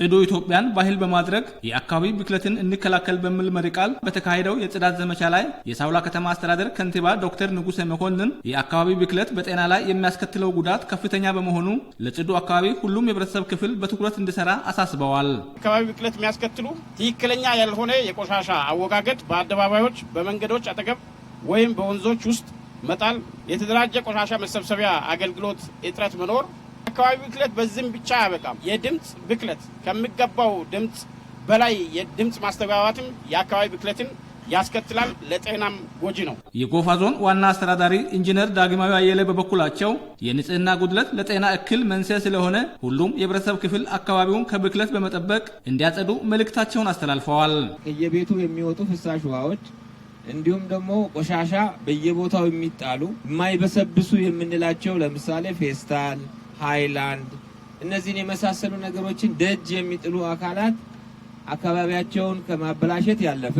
ጽዱ ኢትዮጵያን ባህል በማድረግ የአካባቢ ብክለትን እንከላከል በሚል መሪ ቃል በተካሄደው የጽዳት ዘመቻ ላይ የሳውላ ከተማ አስተዳደር ከንቲባ ዶክተር ንጉሰ መኮንን የአካባቢ ብክለት በጤና ላይ የሚያስከትለው ጉዳት ከፍተኛ በመሆኑ ለጽዱ አካባቢ ሁሉም የህብረተሰብ ክፍል በትኩረት እንዲሰራ አሳስበዋል። አካባቢ ብክለት የሚያስከትሉ ትክክለኛ ያልሆነ የቆሻሻ አወጋገድ በአደባባዮች፣ በመንገዶች አጠገብ ወይም በወንዞች ውስጥ መጣል፣ የተደራጀ ቆሻሻ መሰብሰቢያ አገልግሎት እጥረት መኖር የአካባቢ ብክለት በዝም ብቻ አያበቃም። የድምፅ ብክለት ከሚገባው ድምፅ በላይ የድምፅ ማስተጋባትም የአካባቢ ብክለትን ያስከትላል፣ ለጤናም ጎጂ ነው። የጎፋ ዞን ዋና አስተዳዳሪ ኢንጂነር ዳግማዊ አየለ በበኩላቸው የንጽህና ጉድለት ለጤና እክል መንስኤ ስለሆነ ሁሉም የህብረተሰብ ክፍል አካባቢውን ከብክለት በመጠበቅ እንዲያጸዱ መልእክታቸውን አስተላልፈዋል። ከየቤቱ የሚወጡ ፍሳሽ ውሃዎች እንዲሁም ደግሞ ቆሻሻ በየቦታው የሚጣሉ የማይበሰብሱ የምንላቸው ለምሳሌ ፌስታል ሃይላንድ፣ እነዚህን የመሳሰሉ ነገሮችን ደጅ የሚጥሉ አካላት አካባቢያቸውን ከማበላሸት ያለፈ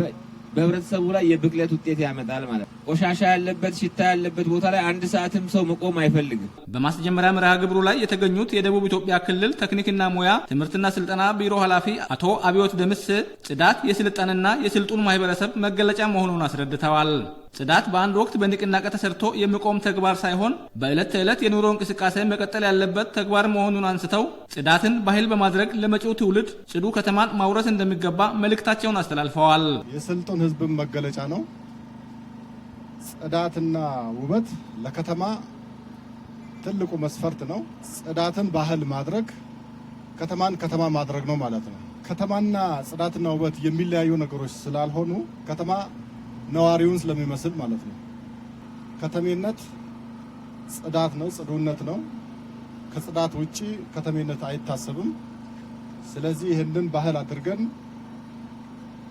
በህብረተሰቡ ላይ የብክለት ውጤት ያመጣል ማለት ነው። ቆሻሻ ያለበት ሽታ ያለበት ቦታ ላይ አንድ ሰዓትም ሰው መቆም አይፈልግም። በማስጀመሪያ መርሃ ግብሩ ላይ የተገኙት የደቡብ ኢትዮጵያ ክልል ቴክኒክና ሙያ ትምህርትና ስልጠና ቢሮ ኃላፊ አቶ አብዮት ደምስ ጽዳት የስልጣንና የስልጡን ማህበረሰብ መገለጫ መሆኑን አስረድተዋል። ጽዳት በአንድ ወቅት በንቅናቄ ተሰርቶ የሚቆም ተግባር ሳይሆን በዕለት ተዕለት የኑሮ እንቅስቃሴ መቀጠል ያለበት ተግባር መሆኑን አንስተው ጽዳትን ባህል በማድረግ ለመጪው ትውልድ ጽዱ ከተማን ማውረስ እንደሚገባ መልእክታቸውን አስተላልፈዋል። የስልጡን ህዝብን መገለጫ ነው። ጽዳትና ውበት ለከተማ ትልቁ መስፈርት ነው። ጽዳትን ባህል ማድረግ ከተማን ከተማ ማድረግ ነው ማለት ነው። ከተማና ጽዳትና ውበት የሚለያዩ ነገሮች ስላልሆኑ ከተማ ነዋሪውን ስለሚመስል ማለት ነው። ከተሜነት ጽዳት ነው፣ ጽዱነት ነው። ከጽዳት ውጪ ከተሜነት አይታሰብም። ስለዚህ ይህንን ባህል አድርገን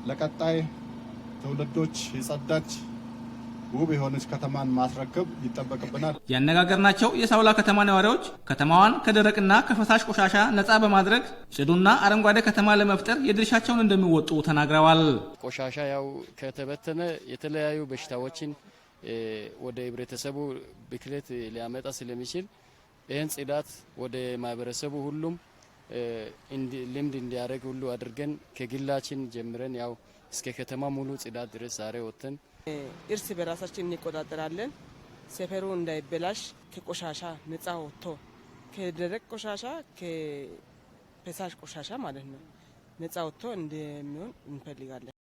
ለቀጣይ ትውልዶች የጸዳች ውብ የሆነች ከተማን ማስረከብ ይጠበቅብናል። ያነጋገርናቸው የሳውላ ከተማ ነዋሪዎች ከተማዋን ከደረቅና ከፈሳሽ ቆሻሻ ነፃ በማድረግ ጽዱና አረንጓዴ ከተማ ለመፍጠር የድርሻቸውን እንደሚወጡ ተናግረዋል። ቆሻሻ ያው ከተበተነ የተለያዩ በሽታዎችን ወደ ህብረተሰቡ ብክለት ሊያመጣ ስለሚችል ይህን ጽዳት ወደ ማህበረሰቡ ሁሉም ልምድ እንዲያደርግ ሁሉ አድርገን ከግላችን ጀምረን ያው እስከ ከተማ ሙሉ ጽዳት ድረስ ዛሬ ወጥተን እርስ በራሳችን እንቆጣጠራለን። ሰፈሩ እንዳይበላሽ ከቆሻሻ ነጻ ወጥቶ ከደረቅ ቆሻሻ ከፈሳሽ ቆሻሻ ማለት ነው ነጻ ወጥቶ እንደሚሆን እንፈልጋለን።